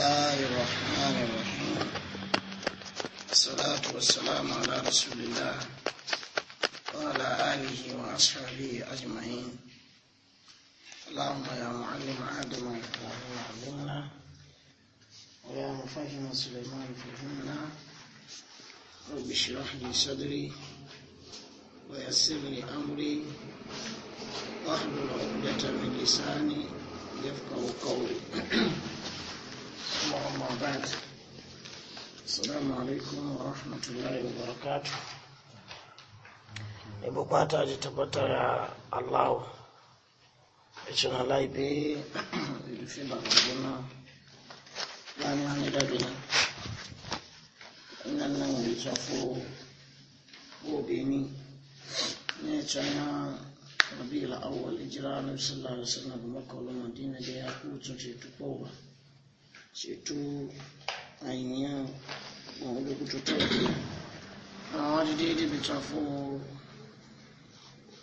الله الرحمن الرحيم الصلاة والسلام على رسول الله وعلى آله وأصحابه أجمعين اللهم يا معلم آدم علمنا ويا مفهم سليمان فهمنا رب اشرح لي صدري ويسر لي أمري واحلل عقدة من لساني يفقه قولي اللهم بعد السلام عليكم ورحمة الله وبركاته ibu kwata ji tabbata ya tabbatar a allahu cikin halaibe rufe ba ga gudana wani hannu dabi na nan nan ta shafo ko beni ne cana rabi la'awar ijira na sallallahu alaihi wasallam da makolin madina da ya kucin ce tukowa ṣètò àìníyàn àwọn ológun tó tẹ̀ àwọn dídí bìtà fún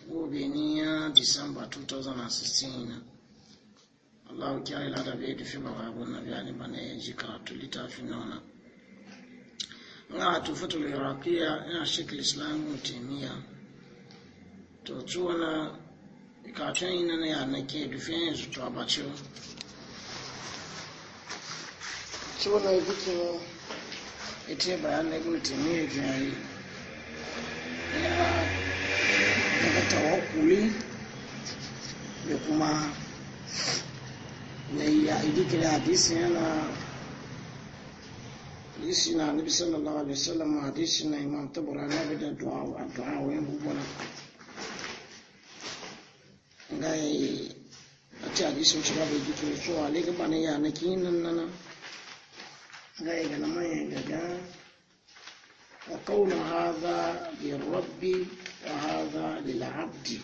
gobe níyàn december two thousand and sixteen Allahu kyari lada bai dufi ba babu na biya ne bana ya ji karatu littafi nuna na tufatul iraqiya ina shekul islam mutemiya to tuwana katun ina na yanake dufi yanzu to a bacewa ci wani ya kuke ita bayan na ibn taimiyya ta yi ya daga tawakuli da kuma na ya idikiri hadisi yana hadisi na nabi sallallahu alaihi wasallam hadisi na imam tabura na bidan du'a wa du'a wa yin bubuna ga yi a ci hadisi wuce babu idikiri cewa alaikaba na yanakin nan nan غير لما يجد وكون هذا للرب وهذا للعبد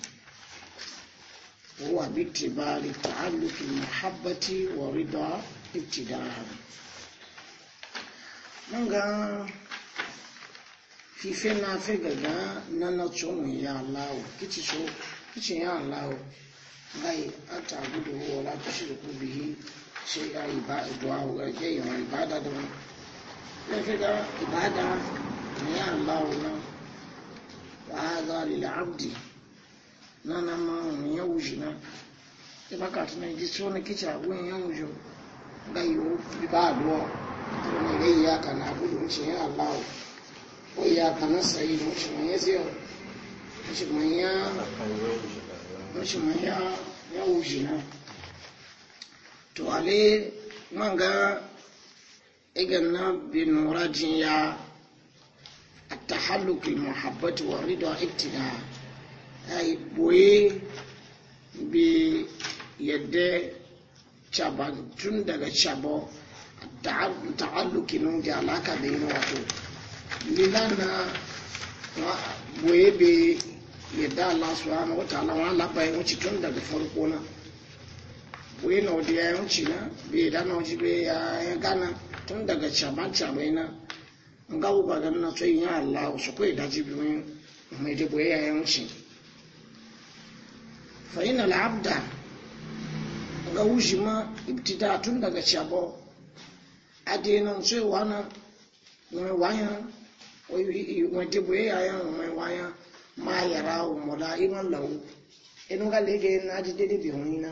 هو باتباع تعلق المحبة ورضا ابتداء nga fife na fe gaga na na tsohon ya lawo kici ya lawo gai a tagu da wola ta shi da kubihi ṣe ga ìdò àwòrán jẹ́ ìran ìbádá tó wọn lẹ́fẹ́ ga ìbádá ní àlá òun wàá zá lílẹ̀ abdi nana ma ònìyàn wùjì náà ṣe bá kàtó náà ìdí tí ó ní kíkì àwọn èèyàn wùjọ ga ìwò bíbá àdúrà tó ní ilé ìyá kan náà àbúrò ń ṣe àlá o ó ìyá kan náà sẹ́yìn ló ń ṣe wọ́n yẹn sí ọ ń ṣe wọ́n yẹn wùjì to ale man ga igan na bin rajin ya a ta halukin muhabbatu wa rido ittina ya yi boye bi yadda cabantun daga cabo ta halukin da alaka da yin wato lila na boye bi yadda allah suwa na wata alawa labarai wacce tun daga farko na wai na wadda ya yanci na bai dana waje bai ya gana tun daga caman camai na an gawo ba gan na tsoyin ya Allah su kai daji ya ya yanci fa ina ga wuji ma ibtida tun daga na mai da boye ya yan mai ya ma yara wa iman lau inu e lege na ji na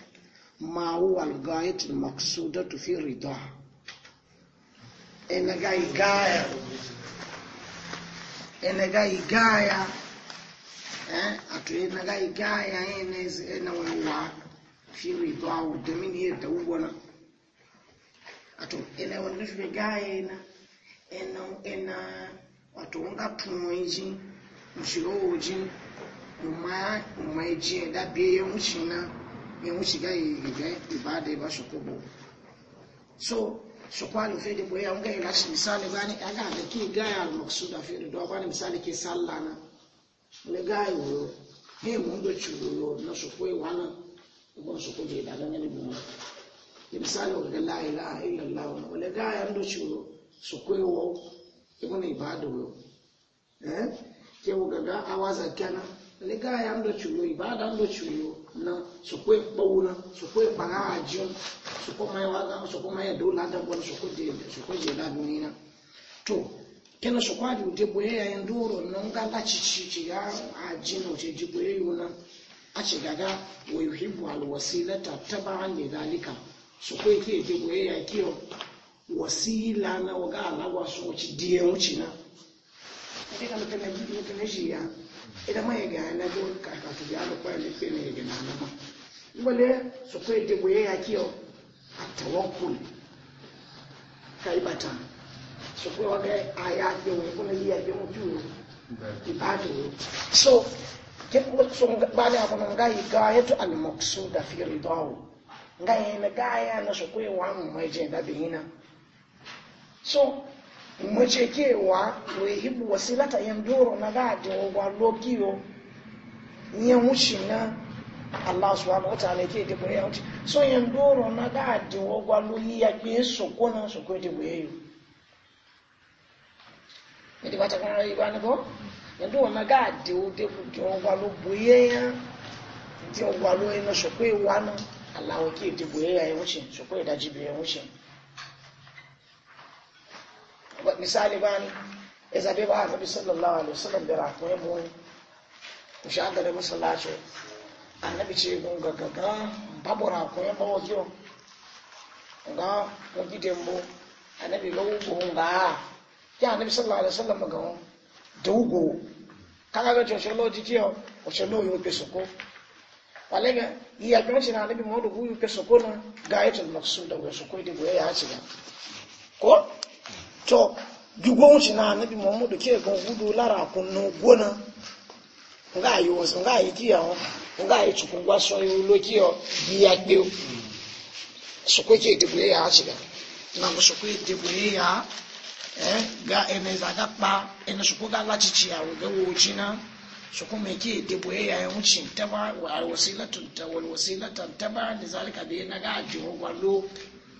Mau huwa al-ghayatul maqsudatu fi ridha enaga igaya enaga bí wọ́n ṣìgá ìgbẹ́ ìbáde bá ṣòkòbò so ṣùkwani fẹ́ dìbò yà ń gẹ́yìn misali bá ní ẹgbẹ́ àti kí gáyà almaksuda fẹ́ dìbò ọba ní misali kí sálà náà lè gáyà ìwòrò bí ìmú ń dòtù ìwòrò náà ṣòkò ìwà náà ìbọn ṣòkò lè dàgbà ní ìbò wọn ní misali ọ̀gẹ́ láìlá ìlọ̀lá wọn lè gáyà ń dòtù ìwòrò ṣòkò ìwọ ìbọn ìbáde wọn ẹ́ kí wọ́n gàgá awázà kẹ́ná lè gáyà ń dòtù ìwòrò ìbáda ń dòtù ìwòrò na sokwe kpawu na sokwe kpaga ajun sokwe mai waga sokwe mai do la da bon sokwe de sokwe je na to kena sokwe di de boye ya ndoro na nga la chichi chi ya ajin o boye yuna a ce gaga wa yuhibbu al wasilata taban li dalika sokwe ke je boye ya kiyo wasila na waga alagwa so ci diye wuci na ya ita mai ga yana go kaka su ya da kwaya ne ne ga nan ma ngole su ko de go ya kiyo atawakkul kai bata su ga aya ke wo ko yi ya ke mu tu ibadu so ke so ba e e ne ko yi ga al fi yi na ga ya na su wa mu Mwechekewa cewa wai hibu wasilata yan doro na gajin wa lokiyo yan na Allah subhanahu wa ta'ala ke de boye wuce so yan na ya pe soko na soko de boye yo bata go na gajin wa de wa ya de wa loyi ya wuce soko e daji misali bani ya zabe ba annabi sallallahu alaihi wasallam da rafuwa mu ku shaga da masallaci annabi ce ga gaggaga babu rafuwa mu wajo ga mu gide mu annabi ga ugo ga ya annabi sallallahu alaihi wasallam ga da ugo kaga ga chosho lo jikiyo chosho lo yo pesoko walega iya kwanci na annabi mu da huyu pesoko na ga ayatul maqsuda wa sokoi da goyaya ya ci ko to gigonci na annabi muhammadu ke gan gudu lara kunnu gona nga yi wasu nga yi kiya o nga yi cikin gwason yi gbe o su ko ke debo ya na ko su ko debo ya eh ga ene pa ene su ga ya su ke ya ta ba wa ta wal ta ba zalika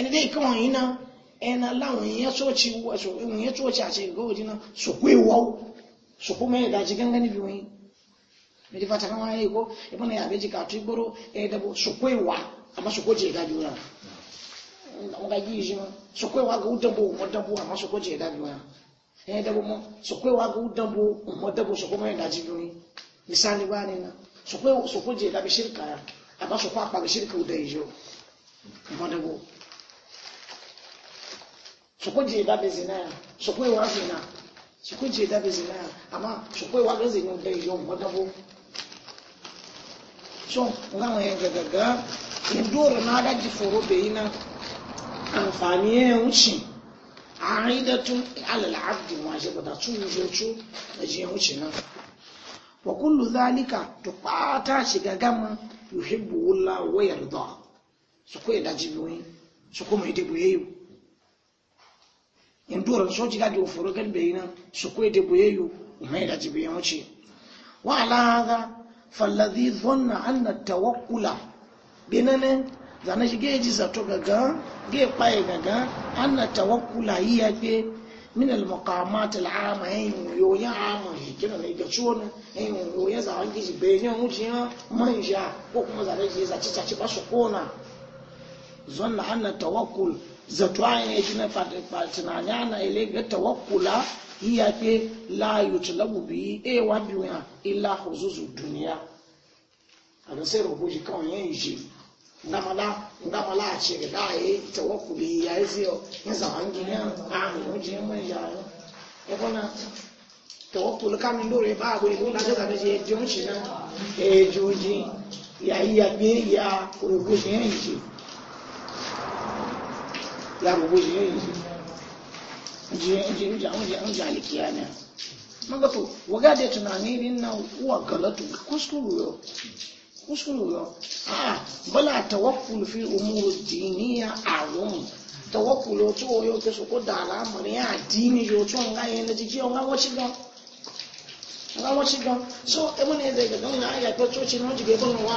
ẹni dẹ́ ìkọ́ wọ̀nyí náà ẹna láwọn èèyàn tó èèyàn ṣọ́ọ̀ṣì àti ìgbòhòdì náà sòkó ìwọ́ sòkó mẹ́rin ìdájí gángan níbi wọ̀nyí mẹ́rin fàtà kan wáyé ìkó ìbọn náà yàbẹ́jì kàtó ìgboro ẹ̀ẹ́dẹ́bọ̀ sòkó ìwà àmọ́ sòkó jẹ́ ìdájú wọn sòkó ìwà àmọ́ sòkó ìdájú ẹ̀ẹ́dẹ́bọ̀ mọ́ sòkó ìwà sòkó mẹ́rin misali wá nínú sòkó ìdájú àmọ́ sòkó àpàgẹ́ sokwe je da bezina ya sokwe wa zina sokwe je da bezina ya amma sokwe wa zina da yo magabo so ngawo ya gagaga indoro na da ji foro be ina amfani ya wuce aidatu ala al-abd wajibu da tun jojo da je wuce na wa kullu zalika to kwata shiga gama yuhibbu wallahu wa yarda sokwe da jibi wani sokwe mai debo yayi indoro so jiga jo foro kan be ina su ko de boyeyu mai da jibe wuce wa ala hada falladhi dhanna anna tawakkula binane zana shige ji zato gaga ge paye gaga anna tawakkula ya ke min al maqamat al ama yin yo ya ama yi kina ne ga chuona yin yo ya za wangi ji be nyo muci ya manja ko kuma zana ji za chi chi ba su kona zanna anna tawakkul zato an yi na fatina na ile ga tawakkula ke la e wa illa e huzuzu duniya e e a ga sai rubu shi kawai yin shi ngamala a ce da yi tawakkuli ya yi ya duniya a hannun jiyan mai yaro ya kuna tawakkuli kamin dore ba na da je shi na ya yi ya yi yabe ya rubu shi yin shi ya ìṣẹ́ yìí jẹ́ àlìkíyà ah, ni magato waga da tunani din nan galatu kuskuru yo a bala tawakkul fi umur awon tawakkul so ko da ya dini yo to nga yin da jiki nga wo shi nga so e mo ne da ga don na ya to no jige je ko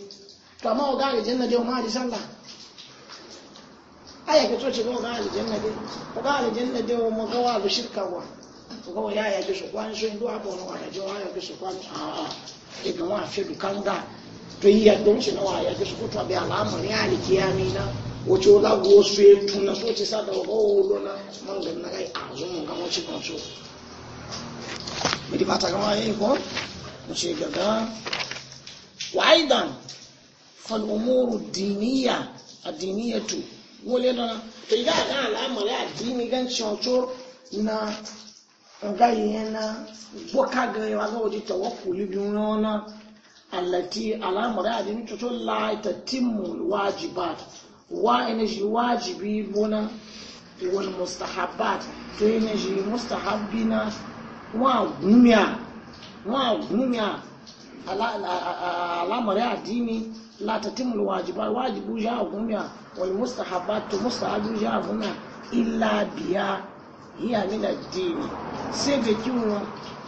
kama o gali janna de aya ke to ci ga o gali janna de o gali janna de o mo ga wa shirka wa o ga ya ya ke so kwan so ndo abo no wa jo aya ke so kwan a a e ga wa fe du kanga to yi don ci na wa ya ke so ko to be alama ni ali kiyami na o ci o la go so e tun na so ci sa da o o lo na man ga na ga a zo mo ga mo ci kon so mi di fata ga yi ko mo ci ga ga wa aidan فالأمور الدينية الدينية ولنا فإذا كان الأمر الديني كان شنطور نا غاينا بوكا غاينا وجي توكل بيونا التي الأمر الديني تقول لا تتم الواجبات وإنجي واجبي بنا والمستحبات تينجي مستحبنا وغميا وغميا على الأمر الديني la tatimul wajibat wajibu ya gumiya wal mustahabatu mustahabu ya gumiya illa biya hiya min addini sai da kiwo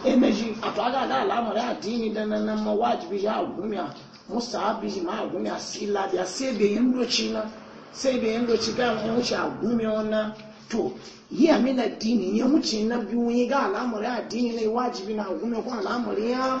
energy a to aga da al'amari addini da nan ma wajibi ya gumiya mustahabi ma gumiya illa biya sai da yandoci wuce a to hiya ya wuce na biyu ga al'amari dini ne wajibi na gumiya ko al'amari ya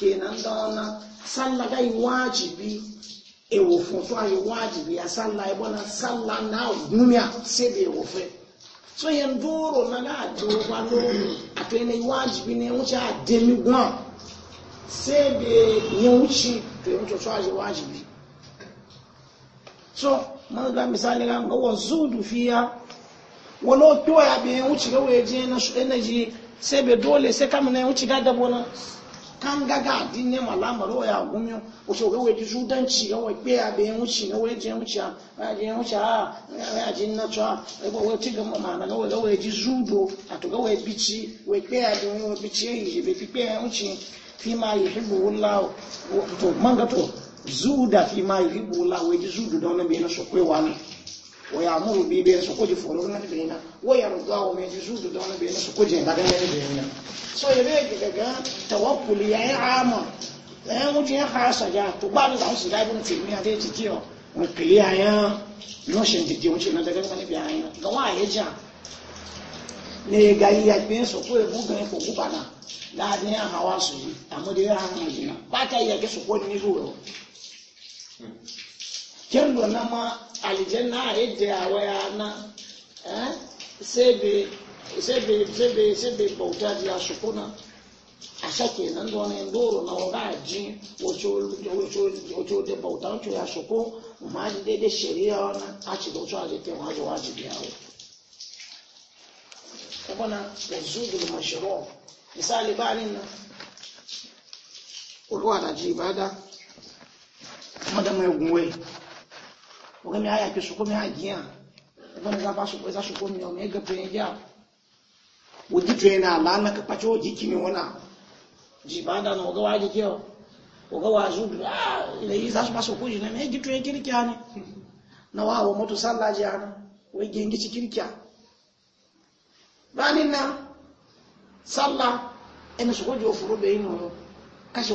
kenan da wannan sallah gai wajibi e ewo funfun ayi wajibi ya sallah ya bona sallah na gumiya sai wo fɛ so yan doro na na a to ato yana wajibi ne wuce a demi gwan se bai yi wuce to yi wuce so ayi wajibi so man ga misali ga ga wanzu dufiya wani okiwa ya bai wuce ga waje na shi sai bai dole sai kamar na yi wuce ga dabona kan gaga ne ma lamaro ya gumi o so gawe ji sudan ci gawe pe a be ci gawe je mu ci a je mu a ya na cho e go we ti ga ma na gawe gawe ji sudo ato gawe bici we pe a do we bici e be fi pe mu ci fi ma yuhibbu wallahu to manga to zuda fi ma yuhibbu wallahu we ji sudo don na be na so kwe wani ويأمر بي بين سكوج فورنا بينا ويرضى من جسود دون بين سكوج بعدين بينا سو يبي كذا توكل يا عام ẹ ń jẹ́ àṣà ya tó bá ní àwọn ṣìlá ìbọn tèmi àti títí ọ wọn kìlí àyàn náà ṣe tètè wọn ṣe náà dẹgbẹ́ nípa níbi àyàn gan wọn àyè jà ní ẹ̀ga yìí àgbẹ̀ ń wa sọ yìí àmọ́dé rẹ̀ àwọn ìdìnnà bá tẹ̀ yẹ kí sọ̀kó ní irú alijanna a yi da yawa ya na sai bai bauta a sake na waga ji wato da bauta wato ya su ma ji daidai shari'a wani a ci da wato a ma zuwa ji da yawa kuma na yanzu da mashiro misali ba nan ruwa da ji ba da ogami haya kisokomi hajiya ibana za ba su za sokomi yo me gabe ya wudi trena la na ka pacho jikini wona jibanda na oga waje kyo oga wazu ah ile yi za su ba sokoji na me gitwe kirkiani na wawo moto sallaji ana wai gengi cikin kya banin nan sallah ina su gojo furu da yin kashe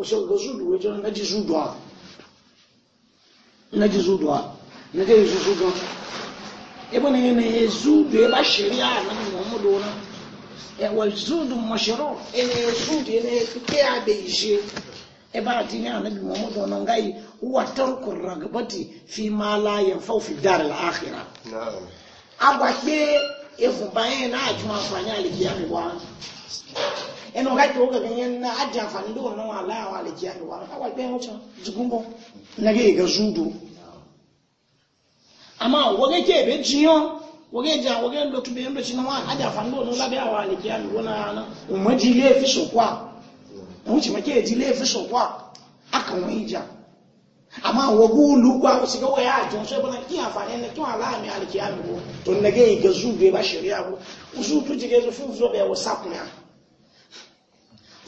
kusa ga zudu wajen na ji zuduwa na ji zuduwa na ga yanzu zuduwa ibn yana ya zudu ya ba shari'a na muhammadu wani ya wa zudu mashiro yana ya zudu yana ya fi kiya da ishe ya ba tini a nabi muhammadu wani gai wa tarkun ragabati fi ma la yanfau fi dar al'akhira agba pe efun bayan na ajuma amfani alikiya mi wa ẹnu ọ̀gá ìtòwó gẹ̀gẹ̀ yẹn ná á àǹfààní lóòrùn náà wà láàwọn àlejò àwọn àwọn ìgbẹ́ ẹ̀wọ̀n jùgbọ́n bọ́ nígbà ìgbà zúndò àmọ́ wọ́gẹ́ kí èbè jiyàn wọ́gẹ́ jà wọ́gẹ́ lọ́tún bẹ́ẹ̀ lọ́tún náà á àǹfààní lóòrùn lábẹ́ náà ilé sọ̀kọ́ à ilé sọ̀kọ́ à ìjà a jin sai bana na kin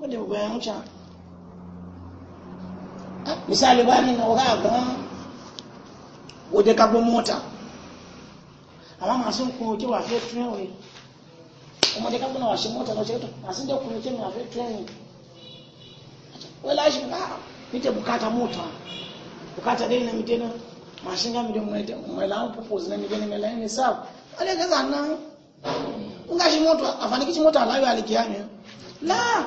wadda ba bayan wuce misali ba ni na waka gan wadda kagbon mota amma masu kuma ke wafe trenway kuma da kagbon washe mota na ceto masu da kuma ke wafe trenway wala shi ba mita bukata mota bukata dai na mita na mashin ga mita mai lawan purpose na mita na mai ne nisab wale ga zannan in gashi mota a fanikici mota a lawi alikiyami la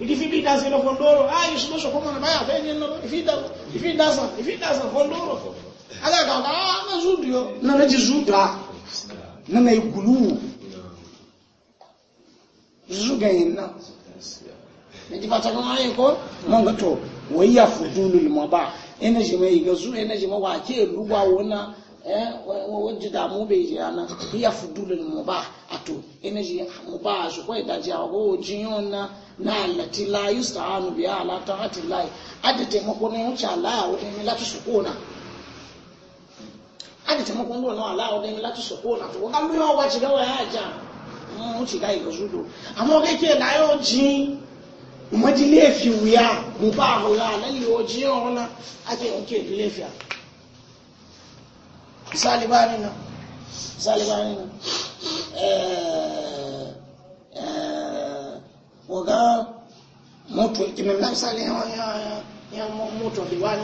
ikifika idasa ilo fondoro ah ishosho koma na baya fenye no ifida ifidasa ifidasa fondoro aga kaka ah na zudio na na jizuda na na igulu zuga yina nijipata kama hayo ko monga to waya fudulul maba ina jima iga zu ina jima wa ke ruwa wona eh wajida mu be yana ya fudulul maba ato ina ji ba shi kwai da jago jiyon na lati la yusta anu biya ala ta hati lai adi taimako ne wuce ala ya ni mi lati sukuna adi taimako ne wuce ala ya ni mi lati sukuna to kan bi wa ci gawa ya ja mu ci gai ga zudo amma kai ke la yo ji umadi lefi wuya mu ba hula lali yo jiyon na ake nke lefi misali ba ni na misali ba ni eh, eh, waga moto imemna misali ya ya ya moto diwani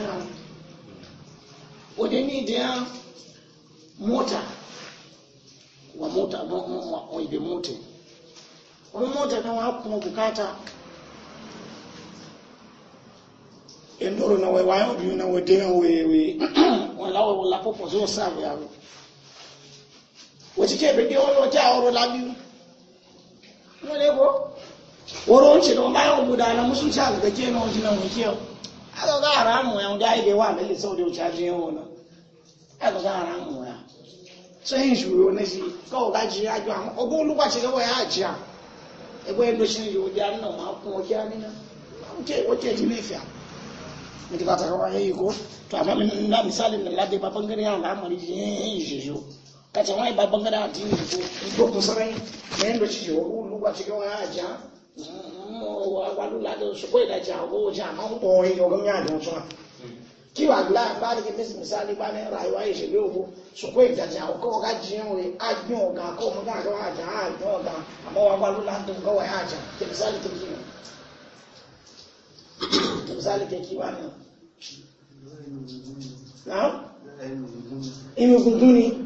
dia mota wa mota wa oibe mota wa mota na wapo kukata endoro na wewayo biyu na wedewa wewe walawe walapopo zo sabu yawe wacike bai ɗi wani a waro labiyu wale ko waro wance da bayan guda na musun ci na wajen nan wuce aka ya ndi ake wa lalle sau da a jiyan wani ya na shi kawo gaji ya ji amma ogun ebe yin doshi ne ma na ji ne fiya mutu ka ta ya na misalin da lade ahụ ga ya kati wani babban gada a tini ko ko kun sarai na yadda ci yau ko lugba ci kan ya ja wa wa lula da su ko mm, da ja ko ja ma ko ko yi ko ya da su ki wa gla ba da mis misali ba ne rayuwa ya shi yau su ko da ja ko ga ji yau ne a ji yau ga ko mu ga ga ja a ji ga amma wa wa lula da ko ya ja ki misali ki ki ki misali ki ki wa ne na imi gunduni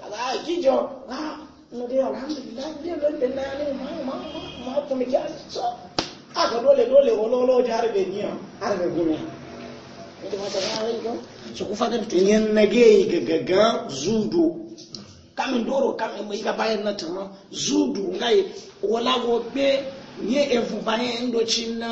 àjíjọ ọmọdé alhamdulilayi ilé ló ń kamin doro kamin mai ga bayan na tama zudu ngai wala go be evu bayan na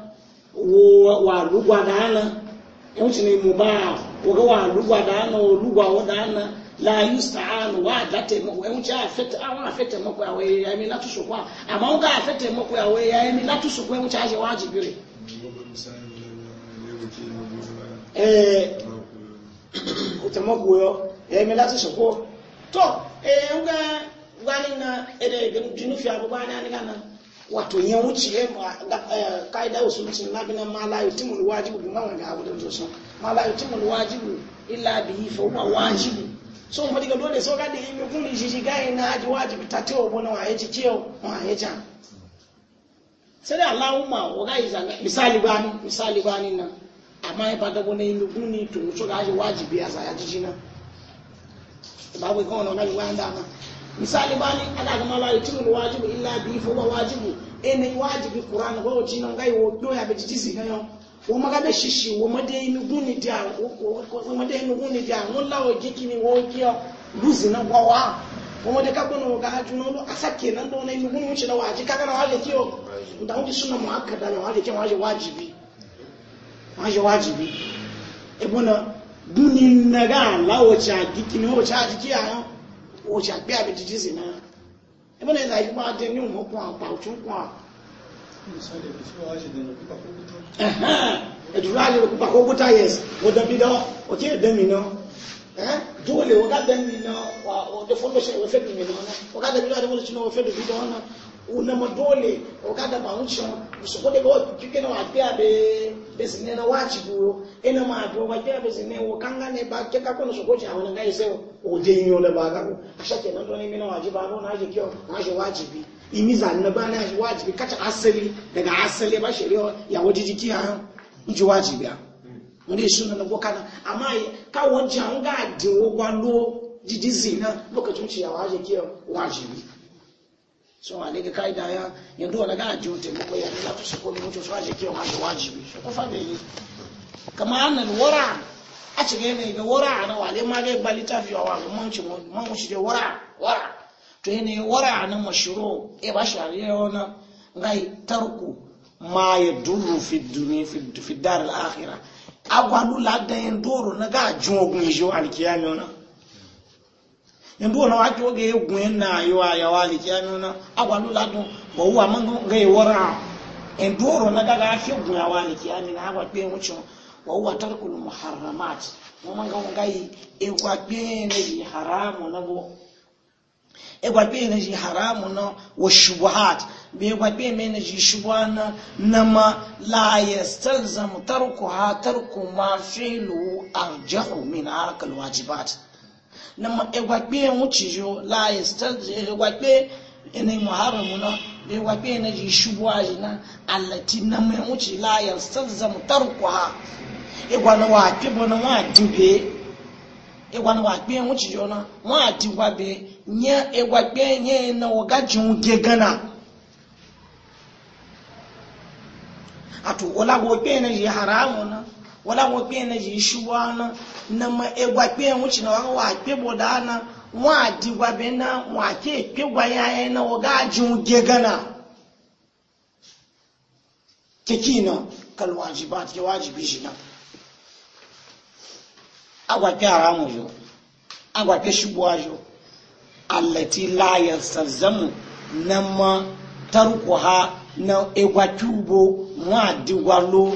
walugwa dana yawancin ne mu ba waga walugwa dana walugwa wadana la yusta'anu wa da taimako yawanci a fita awon a fita mako yawe ya mi latu sokwa amma waga a fita mako yawe ya mi latu sokwa yawanci a shewa jibire eh utamako yo ya e mi latu sokwa to eh waga wani na ere junu fi abubuwa na ni gana wato ya wuce eh, eh, ka'ida usuluncin labinan ma la yutimul wajibu bi man ga abu da zoso ma la yutimul wajibu illa bihi fa huwa wajibu so mo diga dole so gadi mi kun ni jiji gai na haji wajibu ta o bona wa yaji ciyo wa yaja sai da Allahumma wa gai zanga misali bani misali bani nan amma ba da bona mi kun ni to so gaji wajibi ya sa yaji jina babu ko na ga wanda ma misali bani alaga mala yutimu wajibu illa bi fo ba wajibu ene wajibi qur'an go chino ngai wo do ya betitisi nayo wo maga be shishi wo made mi guni dia wo made mi guni dia mo la o jikini wo luzi na kwa wa wo made ka bono ga juno asake na do na guni na kio na waje wajibi o ṣàgbé àbìdíjì sí náà ẹgbẹ́ náà ìdájú máa dé ní òmùkún àpà òtúnkún à. ẹ̀dùrú àlè òkúpa kókó táyẹ̀sì ọ̀dọ̀ mi náà òtí ẹ̀dẹ́ mi náà dole wọ́n gádẹ́ mi náà ọ̀dọ̀ fọ́lọ́ṣẹ́ ìwé fẹ́dùn mi náà wọ́n gádẹ́ mi náà wọ́n ti náà wọ́n fẹ́dùn mi náà ọ̀nà mọ̀ dole wọ́n gádẹ́ bàwọn ṣan ìṣòkòdè besi ne na wachi ina ma do ba ke besi ne wo kanga ne ba ke ka kono sokoji awon ngai se o je nyo ba ka ko na do ne mina wajiba no na je kyo na je wajibi imiza na ba na je wajibi kata asali daga asali ba shari'a ya wajiji kiya nji wajibi ya ndi shuna na gokana amma ka wajanga diwo gwalo jijizina lokacin ciyawa je kiyo wajibi so uh, a daga kaida ya yanzu wani ga ajiyo taimako ya nila ta shiko da mutu su ajiye kiyon hajji wajibi su kufa da yi kama annan wara a ci gane ga wara a na wale ma ga ba littafi wa wani manci man da wara wara to yi ne wara a nan mashiro e ba shi a riya wani gai tarku ma ya duru fi duni fi dar al'akhira agwalu ladan yin doro na ga ajiyo gun yi alkiyami wani oh, ndu na wake oge gwen na yiwa ya wali jami na agwalu bo wa uwa man ga wara ro na ga ga shi gwen ya wali jami na agwa pe wucin wa uwa tarkul muharramat mo man ga ngai e gwa pe ne ji haram na bo e gwa pe ne ji haram na wa shubuhat be gwa pe me ne ji shubuhana na ma la yastalzam tarkuha tarku ma fi lu arjahu min arkal wajibat na egwakpe nwuchijo la egwakpe ene muharram na egwakpe na ji shubu aji na alati na mai wuci la yastazam tarkuha egwana wa ke bona wa dibe egwana wa kpe nwuchijo na wa diwa be nye egwakpe nye na wagajin gegana ato wala wo kpe na ji haramu na wala wọn pe na yi iṣu wa na na ma egwa pe wọn ci na wa pe bo da na wa adi gwa be na wọn ake pe gwa ya ya e na wọn ga ajun ge gana keki na kal wajibat ke wajibi shi na agwa pe haramu yo agwa pe shubuwa yo allati la yastalzamu na ma ha na egwa tubo wa adi gwa lo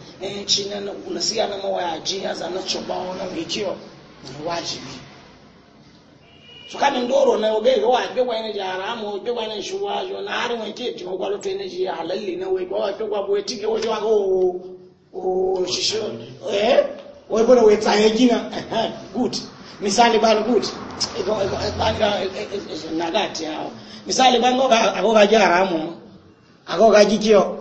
ne ci na kuna siya na mawa ya jia za nacho baona wani mai kiyo na wajibi su ka min na obe wa wa kwa ene jara mu kwa ene shuwa jo na ari wani ke ti ogwa lotu ene ji halali halalli na wai gbawa gbe gwa boye ke wajen waka o o shishi eh wai bada wai tsaye jina good misali ba good ego ego e, e, e, na gati hao misali ban goga agoga ji ago ga jikio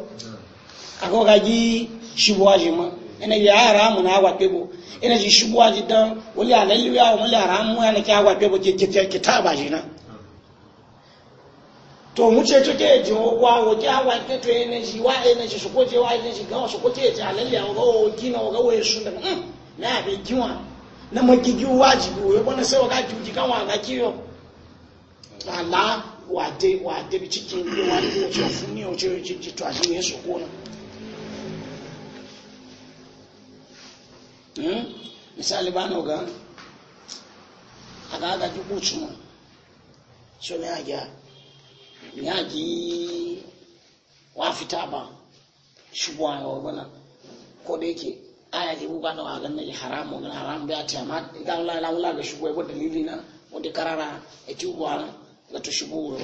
ago ga ji shibuwaji ma ina ya haramu na agwa pebo ina ji shibuwaji dan wali alallu ya wali haramu ya na ki agwa pebo ki ta ji na to mu ce to ke ji wa wo ki agwa ke to ina ji wa ina ji shuko je wa ina ji ga shuko je ji alallu ya ga o ki na ga wo shun da na be kiwa na magigi wajibi wo bona sai ga juji kan wa ga kiyo ala wade wade bi cikin wade ko fun ni o je ji to ajiye su ko na Hmm? misali ba no gan aga aga ju ku tun so mi aja mi aji wa fita ba shubu ayo bana ko da yake aya ji buga na wagan na haramu na haramu ba ta ma ga la la la ga shubu ba dalili na wanda karara e ti uwa ga to shubu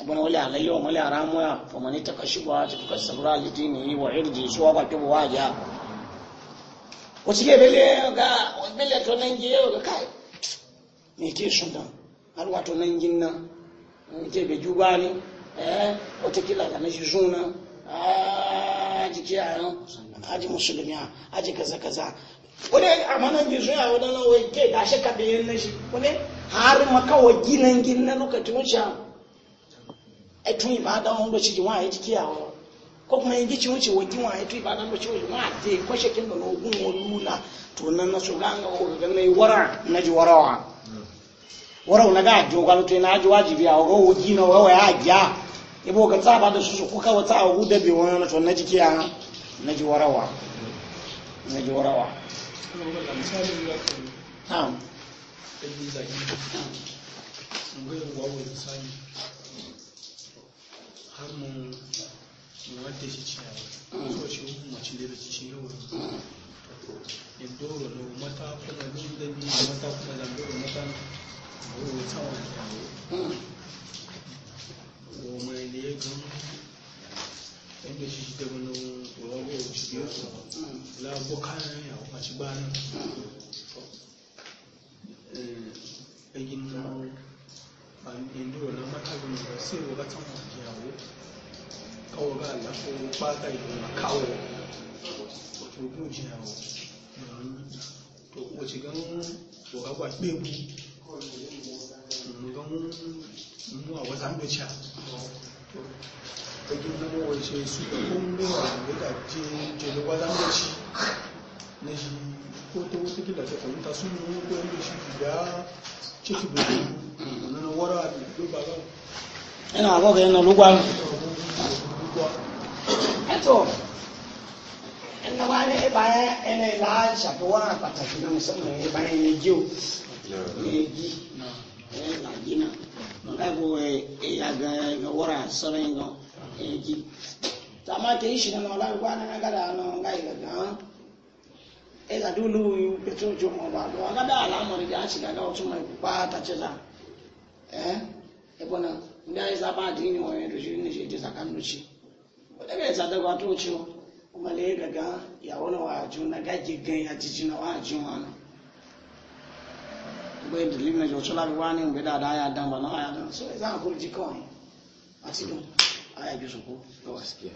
abuna wale alayyo wale haramu ya fa mani ta ka kashubu ta kasabra lidini wa irji suwa ba kibu waja wacike bele ga bele to nan gi ga kai me ke shuga har wato nan gin nan ke be juba ne eh wata kila ga na juna a ah, jiki a nan aji musulmi a aji kaza kaza wani amanan gizo ya wadda na wai ke da shaka da yin nashi wani har maka wa ginan gin na lokacin wuce a tun ibada wanda cikin wa ya jiki a wa ko kuma yin gicin wuce wa giwa ya tuyi ba na mace ciwo ma te kwashe kin da nogun wa luna to nan na so ga an ga ko wara na ji warawa warau na ga jo ga to na ji wajibi a ga wo gina wa ya ja ibo ka tsaba da su ka wata a hu da be na to na ji kiya na ji warawa na ji warawa miwaddeshi ciyawa so shi hukumacin da ci yawon indoro lo mata kuma lullubi mata kuma zamboro mata buru tawa da yawo goma ne ya gan inda shi shi daga nan wawo shi biyu labo kayan yawo a ci bayan ɗagin eh, na indoro na mata gani sai wa gatan kawagana sun bata yi kawo wato guji na to wace gan wagagwa ɗebu gan mu a wata mace to gina wace su ga da na shi ko ta wata kila ta fahimta sun yi shi ciki bai wani wara da ba ina ga yana lugwa ẹtọ ẹnna wa ni ẹ báyẹ ẹnna ìlà ṣàtọwọ́ pàtàkì náà musamman ẹ na ẹnna jí o ẹnna jí ẹnna jí náà ẹbú ẹyà sọrọ yẹn gan jí tàmá kì í ṣe nínú ọlọ́run wa nínú nga yẹ gan ẹ yìí ọmọ ọba lọ àlámọ̀rì wadda ya tsada ga to ciwo kuma le gaga ya wani waju na gaji gan ya jiji na waju wani bai da limna jo chola bi wani mu da da ya dan ba na ya dan so za ku ji kawai a cikin aya bi su ko to gaskiya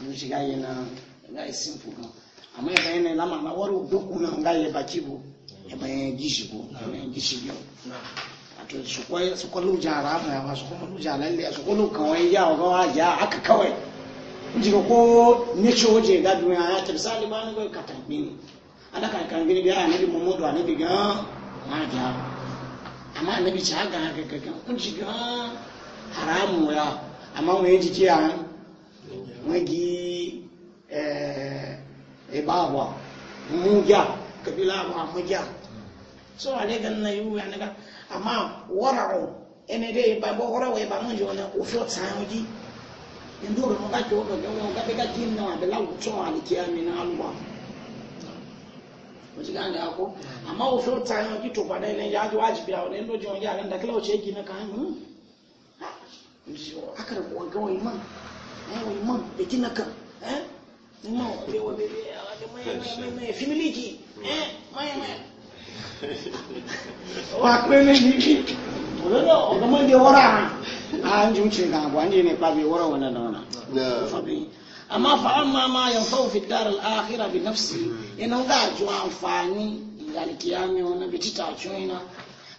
mun shiga yana ga simple kan amma ya bayyana lama na waru dukuna ga ya baki bu ya bayyana gishi ko ya gishi biyo to su kwai su kwallo jara mu ya ba su kwallo jara lalle su kwallo wa ya ga wa ja haka kawai jika ko n'icho coje ga ya ba na gwai katangi ne ana katangi ne biya anabi muhammadu anabi ga ah, ma ja amma anabi ci haka haka kakan gaa ga ah, haramu ya gaa mu yi jiki a ah, magi ibawa eh, mugya kabila ba mugya so ga na ya naga amma wara'u ene dai ba ba wara'u ba induru no kake wodo ke wo kake abela ucho alwa ama ile kila ndio akara wa hmm? eh wa ka e eh imani wale wale wale fimiliki eh wa kwene an jumce ga wani ne ba bai wara wannan da wannan amma fa amma ma yanfa'u fi dar al-akhirah bi nafsi inan ga ju amfani ga kiyami wannan bi tita chuina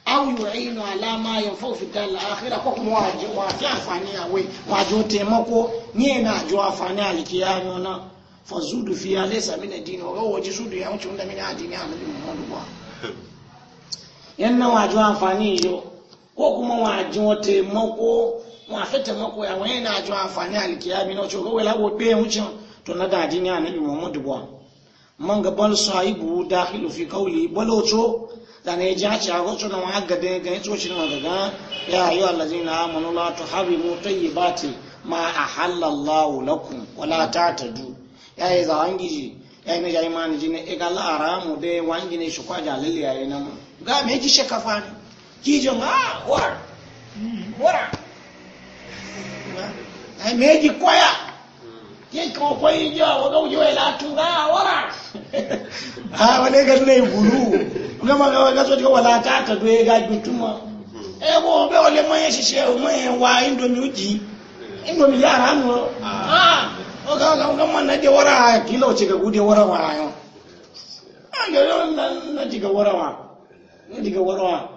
aw yu'inu ala ma yanfa'u fi dar al-akhirah ko kuma wa ju wa fi amfani wai wa ju taimako ni na ju amfani al kiyami wannan fa zudu fi alaysa min ad-din wa waje zudu ya mutu min ad a ya nabi muhammadu wa yanna wa ju amfani yo ko kuma wa ji wa taimako wa fi taimako ya wani na ji amfani alkiyami na ko kawai lagu ɓe wuce to na da ne a nabi muhammadu buwa man ga bal sahibu dakhilu fi qawli balocho da ne ji ci a gocho na wa gade ga ne tsoci na gaga ya ayu allazina amanu la tuharrimu tayyibati ma ahalla allah lakum wala tatadu ya yi za ji ya yi na jayi mani jini igala e aramu dai ne shi kwaja lalle ya yi nan ga me ji shekafa ne kijin ha war wara ai meji kwaya ke kan kwayi jiwa waga uji wai ga wara ha ah, wale ga tunai gulu gama ga waga so jiwa wala ta ta doye ga gutuma e eh, bo be wale manye shishe o wa indomi uji indomi yara mu a o ga ga ga na je wara kilo ce ga gude wara wa ayo an ga na na wara wa na wara wa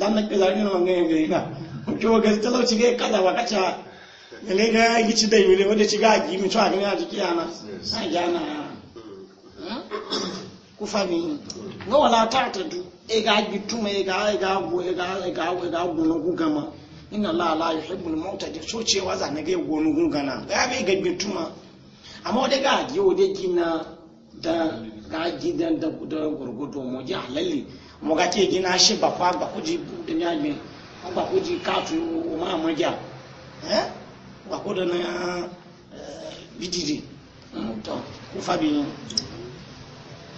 dan na kaza ina wanga yanga ina to ga talauci ga kaza wa kacha ne ga yi ci da yule wanda ci ga gi mi to a ga na jiki ana sai ga na ku fami no wala ta ta du e ga gi tuma e ga e ga go e ga e ga e ga go no gugama inna la la yuhibbul mutajir so cewa za na ga go no gana. ga ga ga gi tuma amma wanda ga gi wanda gi na da ga gi dan da gurgudu mu ji halalli mugati egi nashi bafa gbakuji dunyagbin gbakuji katu oma amaja gbakuda eh? na eh, bididi to fa bi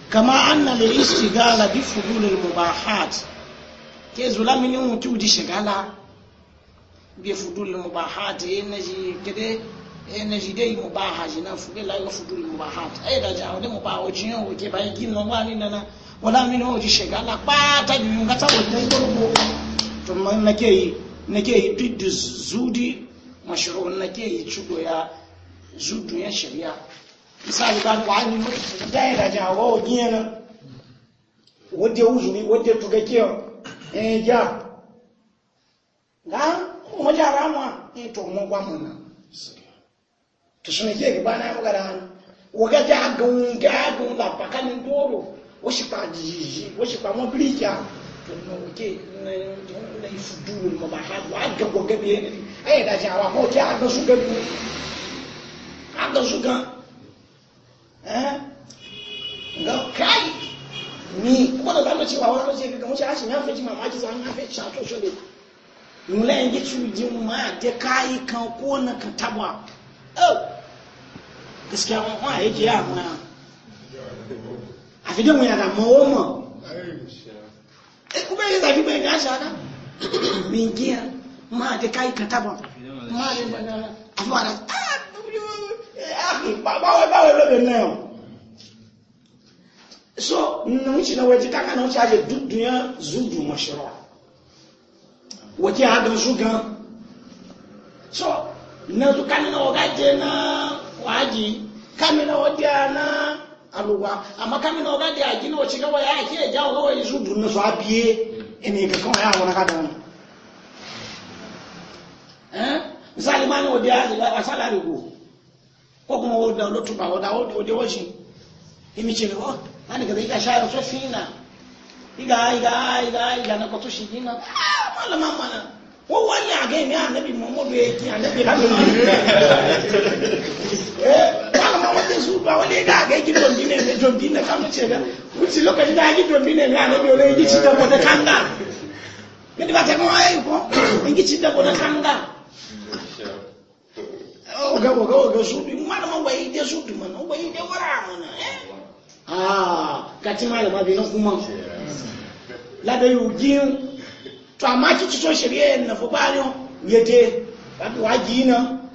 kama anna li istigala bi al mubahat ke zulami ni mutu di shigala bi al mubahat energy kede energy dai na fudul al mubahat ai da jawo da o wajen yau ke bai gina wani nana wala dá mi ní wọ́n ti ṣẹ̀gá la pata ju yunga sábò ní gbọ́dọ̀gbọ́ tó mọ nàkẹ́ yìí nàkẹ́ ya zúdù yẹn ṣẹ̀ríà misali ká wàá ní dáyẹ̀ ìdájà àwọ̀ òjì yẹn náà wọ́n dé wùzù ní wọ́n dé tùkẹ́kẹ́ ọ̀ ẹ̀ já gá ara mọ́ ẹ̀ tó mọ́ gbà mọ́ náà wọ́n sì pa jìjì wọ́n sì pa mọ́ bíríkì à tòun òkè ní ìfúdú mọ̀ bá ṣáàbù àjọpọ̀ gẹ́bí ẹni ẹ̀yẹ̀ dàjẹ́ àwọn àmọ́ òkè àgọ́sù gẹ́bí àgọ́sù gan ga kai ni kuma da zamu cewa wani ce ga mushi ashin ya fiji mamaki zan ya fiji shato shi ne mulan ji cujin ma ta kai kan ko na ka taba gaskiya mun ha yake ya mana àfijọ́ wọn yàrá mọ owó mọ̀ ẹkùnbẹ́ yẹn tàbí bẹ́ẹ̀ gáàsì ara mi ń jí ya máa di ká ìkàtà máa di bọ̀ ah, náà àfọwọ́ so nínú ń ṣìnà wọ́n ti káká náà ṣe àjẹ dúdú yẹn zúdù so nínú kámi náà wọ́n ká jẹ náà wàá jì kámi náà náà. aluwa amma kami na oga da gina wace gawa ke ja su su abiye ene ga kan ya eh misali a salari go ko kuma da ba imi ce oh, ani ga ka so iga iga iga iga na shi gina ah malama mana wọ́n wá ní àgẹ́ ìmí ànẹ́bì mọ́mọ́dé da su ba wani ga ga gidan bi ne bi ne kan ce ga wuce lokaci da gidan bi ne ne annabi ole yi ci da ne ba ta ai ko yi ci kanga su bi ma su bi ma wara mu na eh ah ma bi no kuma la da yu jin to ki ci to shirye na fo ba yete na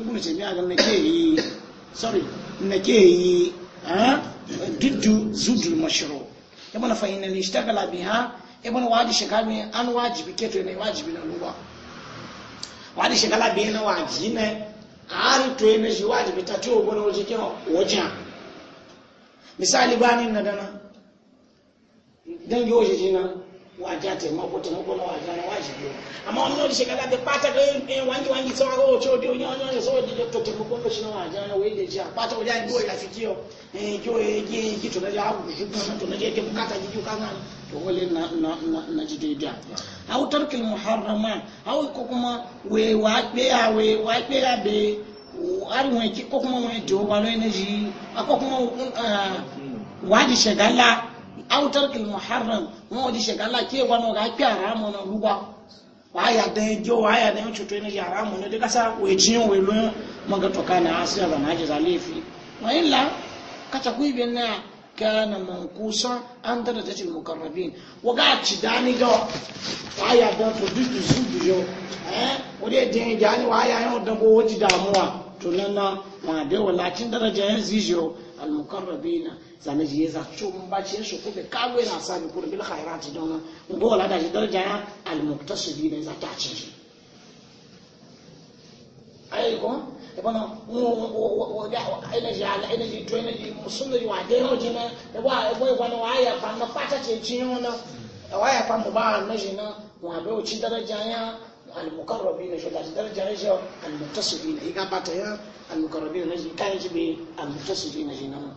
ibn taymiya ga nake yi sorry yi ha eh, diddu zudul mashru ibn fa inna ishtagala biha ibn an wajibi keto ne wajibi na na ne to ne shi wajibi ta to gona waje wajen misali bani na dana dan yi waje jina waja taimako taimako na waja na waji biyu amma wani wani shekara da bata ga yin e, wangi wangi sau ga wace odi onye onye onye sau odi to taimako na shi na waja na wai da jiya bata wajen yi ya fi e, kiyo eh kiyo ya e, yi ki to na ja abu shi kuma to na je ke bukata ki kiyo kan to wale na na na na ji dai da au tarkil muharrama au ko kuma we wa be ya we wa be ya be ari wani ko kuma wani to autar kil muharram wọn ò di ṣẹ̀gálà kí ẹwà náà gbé àràmù Lugwa. Wa ya á yà wa ya wà á yà dẹ́yìn tuntun ní àràmù we jin we lu mo ga to kana ní àásí na náà zalifi wa illa ka ta ku ibi na kana mankusan an dara da cikin mukarrabin ga ci dani ga wa ya dan to duk su biyo eh wuri din ga ni wa ya yan dan go wuci damuwa to nan na ma da wala cin daraja yan zijo al mukarrabina zane ji yasa cun su kago yana sa don da shi daraja al muktasibi ne za ta ci ai ko e bana wo ya ina ji ala ina ji to ina ji musulmi wa de ji na e e boy e na ce ci mu ba na ji na wa be ci daraja ya al mukarrabin shi da daraja ya shi al muktasibin iga bata ya al mukarrabin ji kai ji be al ji na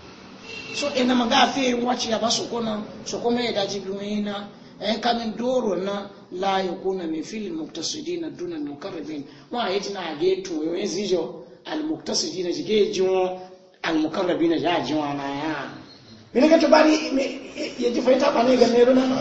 so ina maga fe wace ya ba su kona su kuma ya daji biyu na ɗan kamin doro na la ya mai filin muktasidi na duna mukarrabin wa ya jina a ge toyo ya zijo almuktasidi na jige jiwo almukarrabi na ja jiwa na ya mini ka tubari ya ji fahimta ba ne ga nero na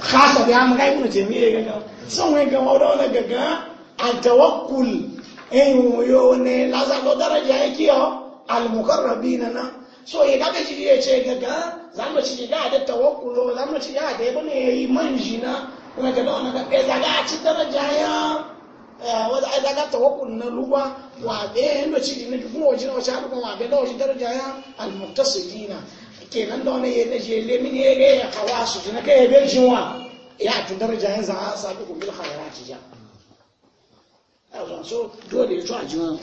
khasa da ya maga ibn jami'a ya ga son wai ga mawda wala gaga al tawakkul en yo ne lazalo daraja ya yo al mukarrabin na so ya gaga shi ya ce gaga za mu ci ga da tawakkulo za mu ci ga da ya yi manji na kuma ga wannan ga ɗaya zaga a ci daraja ya eh wanda ai zaga tawakkul na ruwa wa be yanda ci na, kuma waje na wace haka kuma be da waje daraja ya al dina, kenan da wani yayi da je le min ya ga ya kawasu na kai shi wa ya ci daraja ya za a sabi ku bil ci ja so dole ya to a jiwa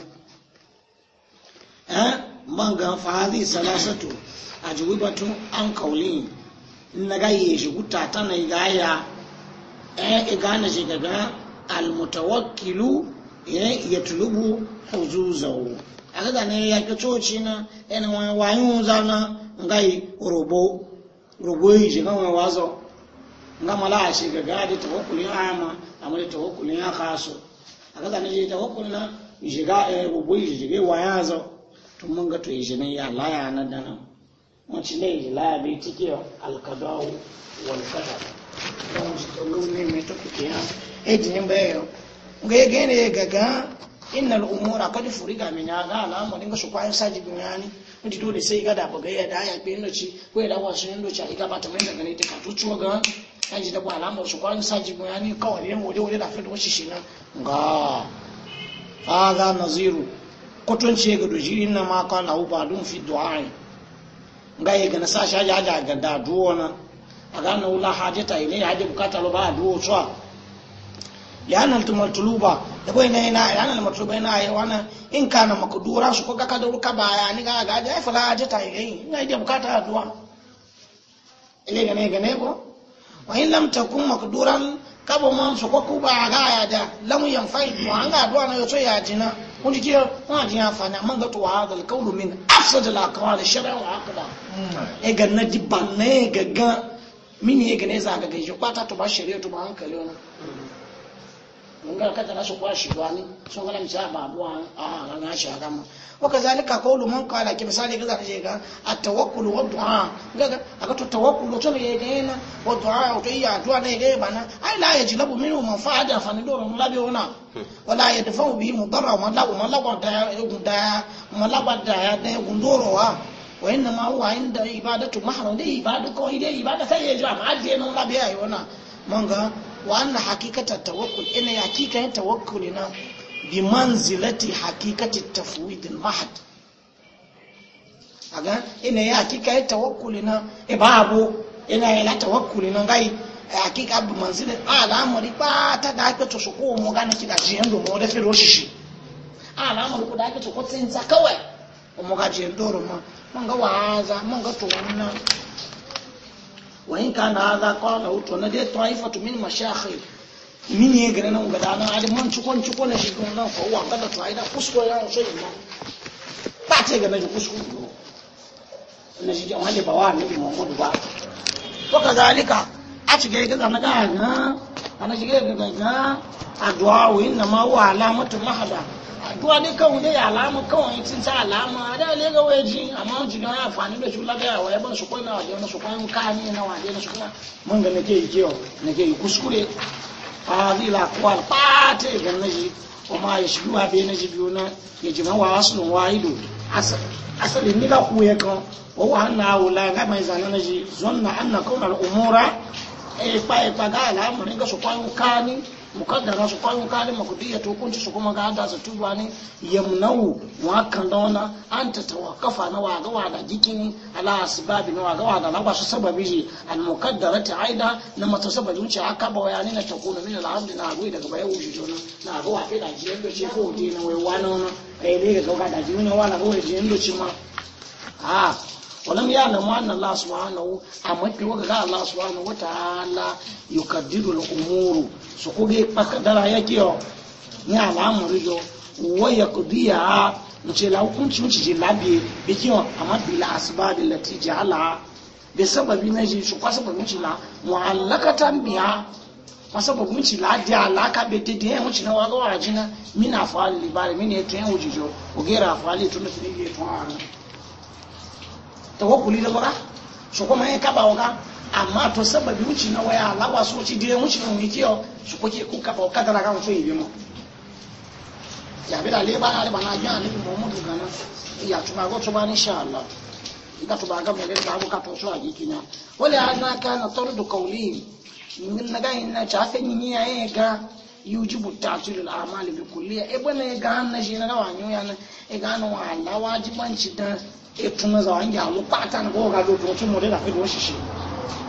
eh manga fahadi salasatu a jugubatun an kauli na gaye shi guta ta na gaya ɗaya e, igana shi daga almutawakilu e, ya tulubu huzuzau a ga ne ya ki coci na yana e, wani wayin zauna ngai robo robo yi shi gama wazo nga mala shi gaga da tawakulin ama a da tawakulin ya kaso a ga ne shi tawakulin na shiga robo yi shi shiga wayan zauna tun mun ga to yi jinin ya laya na dana ci ne yi laya bai tike alkadawu walkada kadar don su tsoro ne mai ta kuke ya e jinin bai ga ya gane ya gaga innal umura kad furiga min ya ga al'amarin ga su kwayan saji dunyani wani dole sai ga da ya da ya fi ko ya a ita ba ta mai daga ne ta ya ji da ba al'amar su kwayan saji dunyani kawai yan da fi da shi na ga هذا kwatanci ga doji inna ma kala hu ba dun fi du'ai ga yi ga nasa sha jaja ga da duwa na a gane wula hajjata ile ya haji bukata ba a duwa tsuwa liyanar tumartuluba da bai na yana liyanar tumartuluba yana yi wani in ka na maka dura su kuka ka da ruka ba ni ga gaji ya fara hajjata ile yi ina yi bukata a duwa ile gane gane ko wa in kun maka duran. kabo man so ko kuba ga ya da lam yan fai mo an ga duwa na so ya jina mun ji ke mun ji ya fana man ga to hada al qawlu min afsad al aqwal shar'a wa aqda e ga na ban ne ga ga min ye ga ne za ga ga shi kwata to ba shari'a to ba hankali wannan hmm. ngal kata rasu su kwashi wani sun kana mi saba abuwa a na shi a ah, ma wa kazalika qawlu man qala ki misali kaza kaje ga at-tawakkul wa du'a gaga aka to tawakkul to ne ga yana wa du'a to iya du'a ne ga bana ai la yajlabu minhu manfa'ata fa ne do mun labi ona hmm. wala yadfa'u bihi mudarra wa la wa la da da ma la da ya da gundoro wa wa inna ma huwa inda ibadatu mahram dai ibadatu ko ide ibadatu sai ya jira ma ajiye nan labe ona manga wa anna hakikata tawakkul ina ya hakika yin tawakkul na bi manzilati hakikati tafwid al mahad aga ina ya hakika yin tawakkul na e babu ina ya tawakkul na ngai hakika bi manzilati al'amari ba ta da ake to soko mu gana kida jiyan do mu da fi roshishi al'amari ku da ake to ko tsinsa kawai mu ga jiyan do mu mun ga waza mun ga to wannan وإن كان هذا قاله تنادي طائفة من مشاخر min ye gɛrɛ na nga daana ali man ci kon ci kon na shi kon na fa wa kada ta ida kusko ya so yi ma ba ce ga na ji kusko do na shi jan hali ba wa ne mu a na na wa ma wa alamatu mahada tuwa ne kan wunde ya alama kan wani tun ta alama da ne ji amma ji na amfani su shula ga waye ban su kona na su kona ka ne na waje na su kona mun nake yi kiyo nake yi kuskure hadhihi la aqwal fate ma be na ji wa aslun wahidu asali ni ka kuye kan o wa na wala ga mai zanan naji e e su ka ni mukaddar na su kwalu kalin makudiyya to kunci su kuma gada su tuba ne yamnau wa kan dauna an ta tawakkafa na wagawa da jikini ala babi na wagawa da na wasu sababi ji al ta aida na mata sababi wuce haka ba wayani na takuna min al amri na agui daga bayan wuce jona na ga fi da ji yanda ce ko wuce na wai wani wani ai ne ga da ji ne ma ah. ولم يعلم أن الله سبحانه أما يوقع الله سبحانه وتعالى يقدر الأمور سقوقي بقدر يكيو نعم أمر جو ويقضيها نشي لو كنت نشي لابي بكيو أما بالأسباب التي جعلها بسبب نجي شو قصب نشي لا معلقة بها kwasabu muci la di alaka be dede e muci na wa ga wa jina mina fa li bare mini e to en ujijo o gera fa li to no fini e to ana tawakkuli da lura su kuma yin kaba waka amma to sababi wuce na waya lagwa su wuce dire wuce na wuce yau su kuke ku kaba waka da raga mutu yi mu ya bi da leba na arba na yi alibi mutu gana ya tuba go tuba ni sha Allah ka tuba ga mere da abuka to su a gikina wala anna kana tardu qawli min naga inna ta fa ni ya yi ga yujibu ta'til al-a'mal bi kulliya e bana e ga hanna shi na ga wanyo ya na e ga na wa Allah wajibanci dan etumezo wangi amu pata na goga do to tumo de na fe do shishi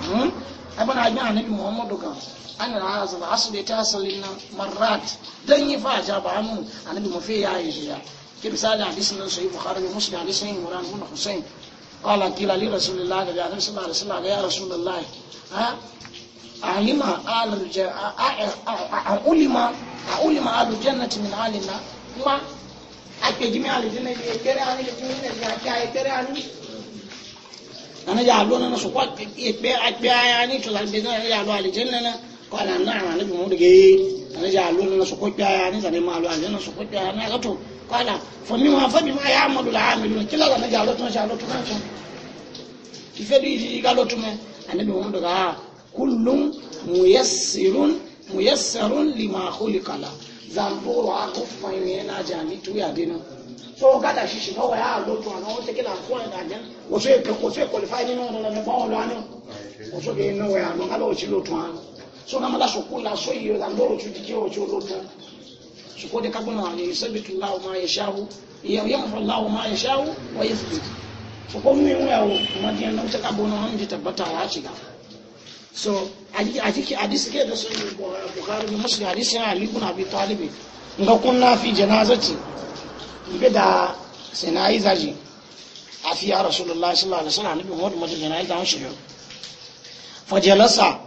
hmm abana ajna annabi muhammadu kan ana hazal asli tasalina marrat dan yi fa ja ba anu annabi mu fe ya yi ya ke misali hadisin nan sahih bukhari da muslim hadisin imran ibn husayn qala qila li rasulillah da annabi sallallahu alaihi wasallam ya rasulullah ha alima alul ulima ulima alul jannati min alina ma akeji mi alijanna ji ekere ani le tun ne ga ka ekere ani ana ya lo na so kwa ekpe akpe aya ni to zalbe na ya lo na ko ala na ana bi mu de ana ya lo na so kwa kpe aya ni zane ma lo alijanna so kwa aya na ko ala fo mi wa fa bi ma mu zandoro akofan yẹn náà jẹ àní torí àdé náà so gada ṣiṣi náà wọ́n yà lójú àná wọ́n tẹ́kẹ́ làkú ẹ̀ dàjẹ́ wọ́n so èkó wọ́n so èkólifáì nínú ọ̀nà ọ̀nà ẹ̀gbọ́n ọ̀lọ́ àná wọ́n so bẹ́ẹ̀ náà wọ́n yà lọ́n alẹ́ òjì lójú àná so náà mọ́lá sọ̀kú la so iye zandoro ju dídí òjì olójú sọ̀kú de kágbọ́n àná yìí sẹ́bìtì láwọn máa yẹ ṣáwó ìyẹn yẹn fọ láwọn máa yẹ ṣáwó wọ́n yẹ sọ̀kú mímú ẹ̀ wọ́n so a jiki hadis ke da sun bukari da musulun hadis yana alikun abi talibi nga kunna fi janazaci ibe da sinayi zaji a fi ya rasulullah sallallahu alaihi wasallam annabi muhammadu mutum janayi da shi yau fajalasa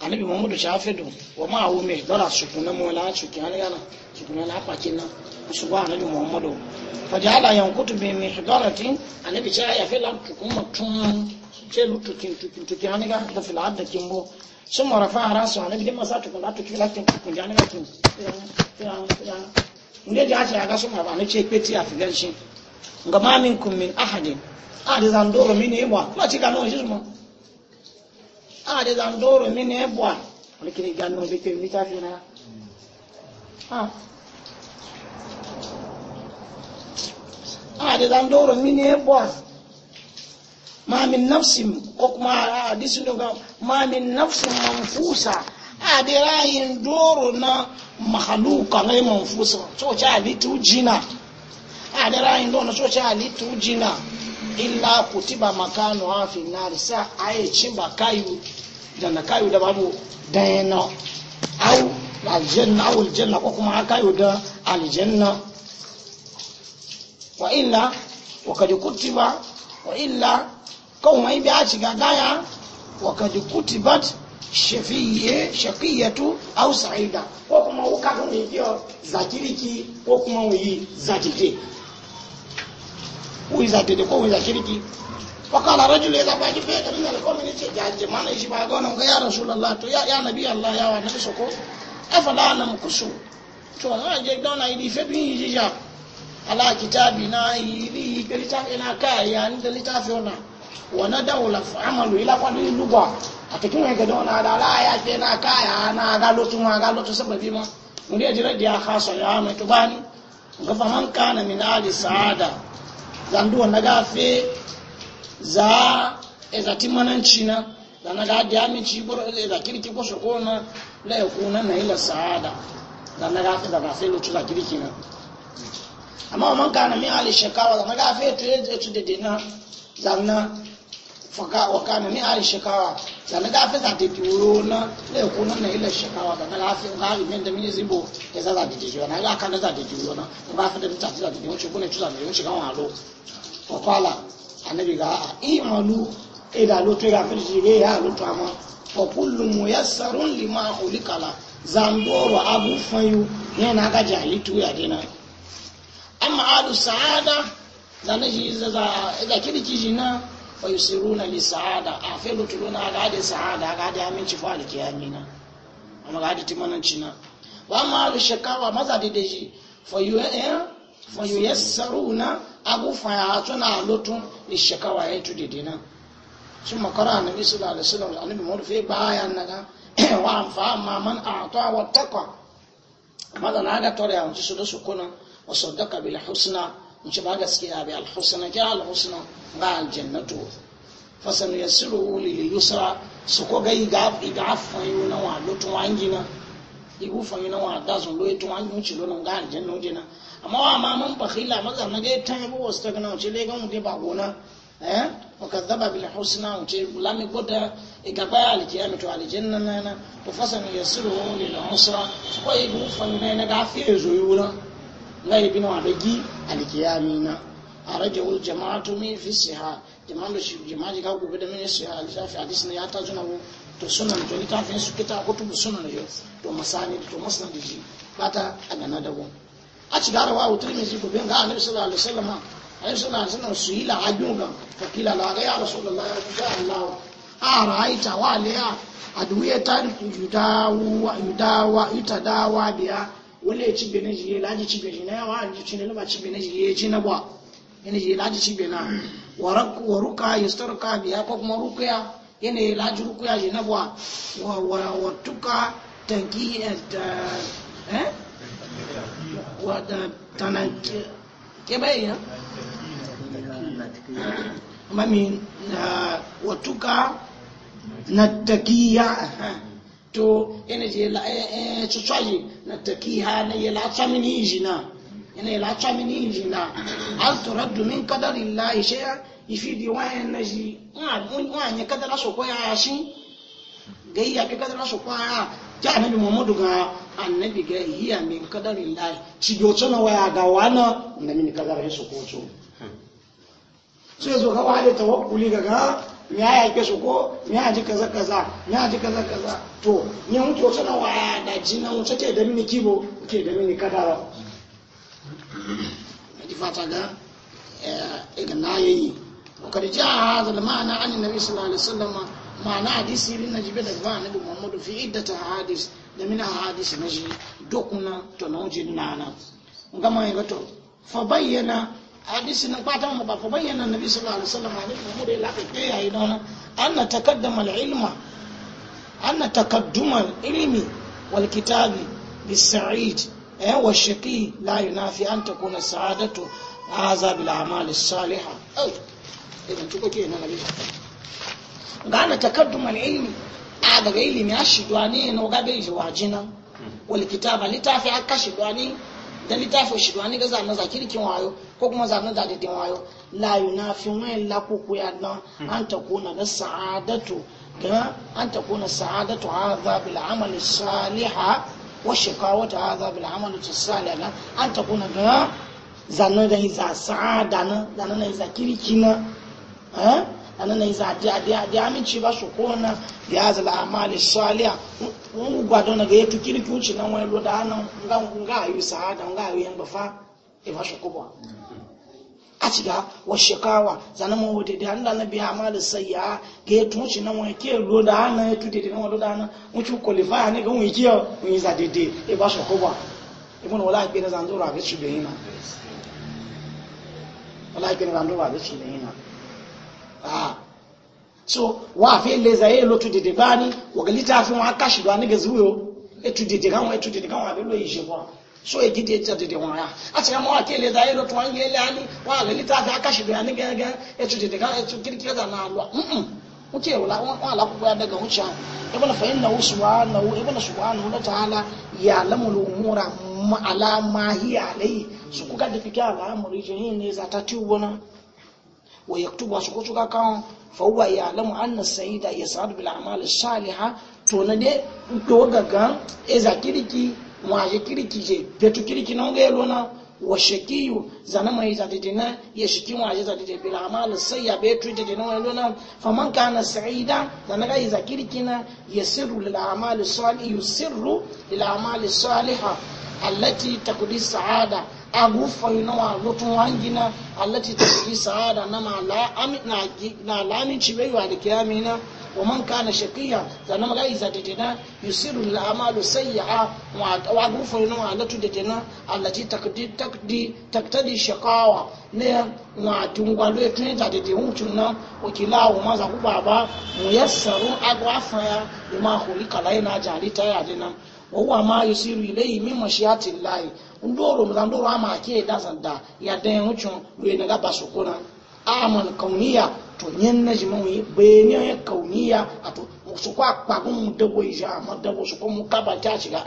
annabi muhammadu shafidu wa ma awu mai dara sukuna mola sukuna yana sukuna lafakin nan su ba annabi muhammadu fajala yankutu bi mihdaratin annabi ya fi lantukun mutum ke lu tukin tukin tukin hani ga da fil adda kin bo sun mara fa ara su anabi dimma tukun latu kila kin tukun ja anabi kin ne ja ja ga sun mara ne ce peti a filan shi ga ma min a da ne kuma ci ga a da zan doro min ne wani kiri ga no fi na a da zan doro min ne ma min nafsin ko kuma hadisi don ga ma min nafsin manfusa a da rayin doro na mahaluka ngai manfusa so ci halittu jina a da rayin doro na so ci halittu jina illa kutiba makanu hafi a yi cin cimba kayu da na kayu da babu dayana au aljanna au aljanna ko kuma kayu da aljanna wa illa wa kad kutiba wa illa kawuma ibi achigagaya wakad kutibat au sa'ida ko kuma ukatun yiyo za kiriki ko kuma za za ko uyi za kiriki wakala rajulu idha jaje mana shi ya rasulullah to ya ya nabi allah ya wa nabi soko afala anam kusu dona idi fe ala kitabi na ili ni ga litafi wani daula amalu ila kwani lugwa a cikin wani gadon da ala ya ce na kaya na ga lotu ma ga lotu sababi ma mun ya jira ya khaso ya mai tubani ga faman kana min ali saada zandu na gafe za ezati mananci na da na ga da mi ci bur da kirki ko shoko la yakuna na ila saada da na ga da gafe lotu la kirki na amma man kana min ali shakawa da fe de dina zanna faka wa kana min ali shakawa da fe za turo na le na ila shakawa da fe ga ri men da min zibo za na kana za na da ta ne tuza ne wa lo kala annabi ga a imalu ida lo to ga fe ji ya lo fa kullu muyassarun lima abu fayu ne na ga jali tuya amma alu sa'ada zane shi za kirki shi na fa yusiruna li sa'ada a fe lutuluna ga hade sa'ada ga hade aminci fa alkiyami na amma ga hade timananci na wa amma alu shakawa maza da shi fa yuyassaruna abu fa ya tuna lutun li shakawa ya tudi dina sun makara annabi sallallahu alaihi wasallam annabi mu rufe na naga wa amfa amma man a'ta A taqa maza na ga tore a wanci su da su kuna وصدق بالحسنى إن شاء الله قسكي أبي الحسنى جاء الحسنى غا الجنة فسنيسره لليسرى سكو غي غاف إغاف فيونا وعلوتو وعنجنا igu fanyina wa dazun lo etu an yunci lo nan ga aljanna wajena amma wa ma man bakhila maza na ga tan yabo wasu ta gana wuce le gan wuce ba gona eh wa kadzaba bil husna wuce lami goda e gaba aljanna to aljanna na na to fasan yasiru lil usra ko igu fanyina na ga fi zo yura ngai bin wa dagi alkiyami na araja wal jama'atu min fi siha jama'an da shi jama'a ka gobe da min siha alsafi hadis ne ya ta zuna wo to sunan to litafin su kita kutubu sunan yau. to masani to musnad ji bata a gana da wo a ci gara wa tirmizi gobe ga annabi sallallahu alaihi wasallam annabi sallallahu alaihi wasallam su yi la ajunga fakila la ga ya rasulullahi ya Allah a ra'aita wa aliya aduwe ta yudawa yudawa itadawa biya ya ci bene ji laji ci bene na wa ji ci ne ba ci bene ji ji na ba ene ji laji ci bene wa rakku ya ruka yastarka biya ko kuma rukuya ene laji rukuya ji na wa wa wa tuka tanki eh, at eh wa da tanaki ke bai ya eh? mami wa tuka na takiya eh, to ene je la e na takiha na ye la chamini injina ene la chamini injina al turaddu min qadari llahi shay'a ifidi wa na ji wa ne kadara so ko ya shi gai ya fi kadara so ko ya ja annabi muhammadu ga annabi ga hiya min qadari llahi ci go na waya ga wana na min kadara so ko so hmm. sai zo ga da tawakkuli ga ga ya yake su ko ya ji kaza kaza ya ji kaza kaza to ni mun to sana wa da jina mun take da mini kibo ke da mini kadara ji fata ga eh igna yayi wa kad jaa hadha al ma'na an nabi sallallahu alaihi wasallam ma'ana hadisi bin najibi da ba nabi muhammadu fi a hadis da min hadis najibi dokuna to na wajin nana ngama yato fa bayyana hadisi na kwata mu ba bayyana nabi sallallahu alaihi wasallam ne mu da la kai don anna taqaddama anna taqadduma ilmi wal kitabi bis-sa'id eh wa la yunafi an takuna sa'adatu hadha bil a'mal as idan nabi ga ilimi da littafin shi wani ga zanen zakirkin wayo ko kuma zanen dadadin wayo layu na fi wayan lakuku ya dan an ta kuna na sa'adatu ga an ta kuna sa'adatu hadha bil amali saliha wa ta shikawata hadha bil amali saliha an ta kuna ga zanen da hiza sa'ada na zanen da hiza kirki na eh? Ana anana iza adi aminci ba su kona da ya zala amali saliya wani gwado na ga yato kirki wuce nan wani loda hannun nga nga ayu sa'ada nga ayu yan bafa e ba su kubo a ciga wa shekawa zanen mawa daidai hannun na biya amali sayya ga yato wuce nan wani ke loda hannun yato daidai nan wani loda hannun wuce kwalifa ne ga wani kiyar wani za daidai e ba su kubo ibn wala ake na zanzura ga shi da yana wala ake na zanzura ga shi da yana Ah. so wa fi leza ye lo tudede bani wagalita fi wa kashi do anige zuyo e tudede kan e tudede kan wa be lo yije bo so e dide ta dede wa ya ati ka mo wa leza ye lo to an ye le ani wa galita fi akashi do anige ga e tudede kan e tudede na lo mm mm uke wala wa ala ku ba daga wuce ibn fa inna subhanahu ibn e subhanahu wa ta'ala ya lamul umura ala ma hiya alai su kuka da fika al'amuri jihin ne za ta tiwo na wa yaktubu su ko suka kan fawwa ya lamu anna sayyida ya sa'adu bil a'mal salihah to na de to gaga e za kiriki je betu kiriki na ga lona wa shakiyu zana mai za ta dina ya shiki wa ya ta dina bil a'mal sayyida betu ta dina wa lona faman kana sa'ida zana ga ya kiriki na yasirru lil a'mal salih yusirru lil a'mal salihah allati taqdi sa'ada agu faina wa lutun wangina allati tafi sa'ada na alati ta amit sa'ada na lami ciwe wa da kiyamina wa man kana shaqiya zanama ga za da dena yusiru al amalu sayyi'a wa wa yi faina wa latu da dena allati takdi takdi taktadi shaqawa ne wa tungwalo ya tun da de hutuna o wakila wa maza ku baba muyassaru agu afaya bima khulika laina jarita ya dena wa huwa ma yusiru ilayhi min mashiyati ndoro mu ndoro ama ke da sanda ya da yin hucun ruwa na gaba su kuna aman kauniya to nyen na ji mawuyi bayani ya kauniya a to su kwa kpagun mu dabo yi ja amma dabo su kuma kaba ta shiga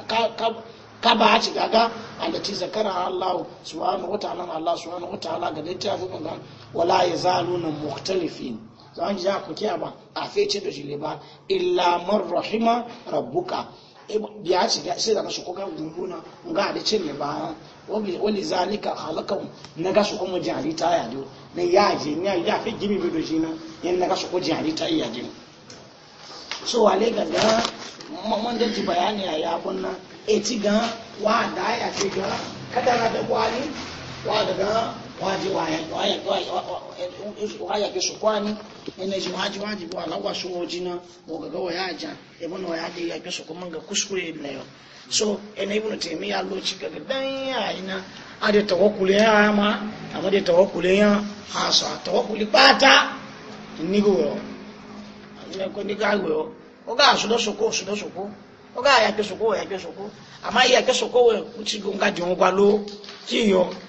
ba ci gaga ga alati zakara Allah subhanahu ta'ala Allah subhanahu ta'ala ga fuka ga wala yazaluna mukhtalifin zan ji ku kiya ba a fece da shi ba illa man rahima rabbuka biya ci ga sai da na shukuka kan ga da cin ne ba wani zalika halakan na ga shukoko jari ta ya do na ya je ni ya fi gimi bi do jina yan na ga shukoko jari ya je so wale ga da mamman da ji bayani ya ya kunna e ti ga wa da ya ti ga kada da kwani wa da ga waje waya ke su kwani ina ji waji waji wa lawa su waji na waga ga waya ja ibn waya da ya ke kuma ga kuskure na so ina taymiya ga dan ya ina tawakkul ya ma ama tawakkul ya tawakkul pata ni go ina ko ni ga go o ga su do su ko su do su ko o ga ya ko ya ko ya ko we uchi lo ki yo